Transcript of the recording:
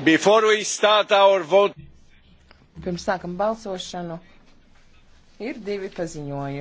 Pirms sākam balsošanu, ir divi paziņojumi.